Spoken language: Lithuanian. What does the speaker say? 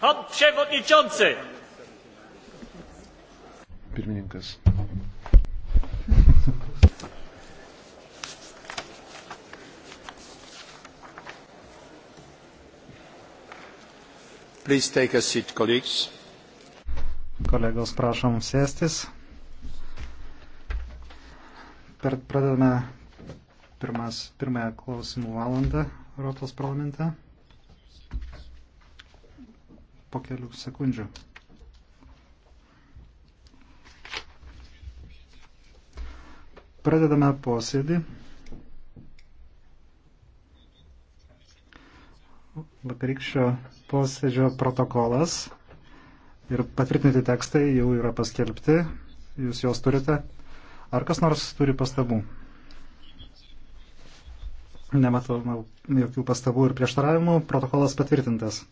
Pan przewodniczący! Pirmininkas. Please take a seat, colleagues. Kolegos, prašom sėstis. Per, pradedame pirmas, pirmąją klausimų valandą Europos parlamente po kelių sekundžių. Pradedame posėdį. Vakarykščio posėdžio protokolas ir patvirtinti tekstai jau yra paskelbti. Jūs juos turite. Ar kas nors turi pastabų? Nematau jokių pastabų ir prieštaravimų. Protokolas patvirtintas.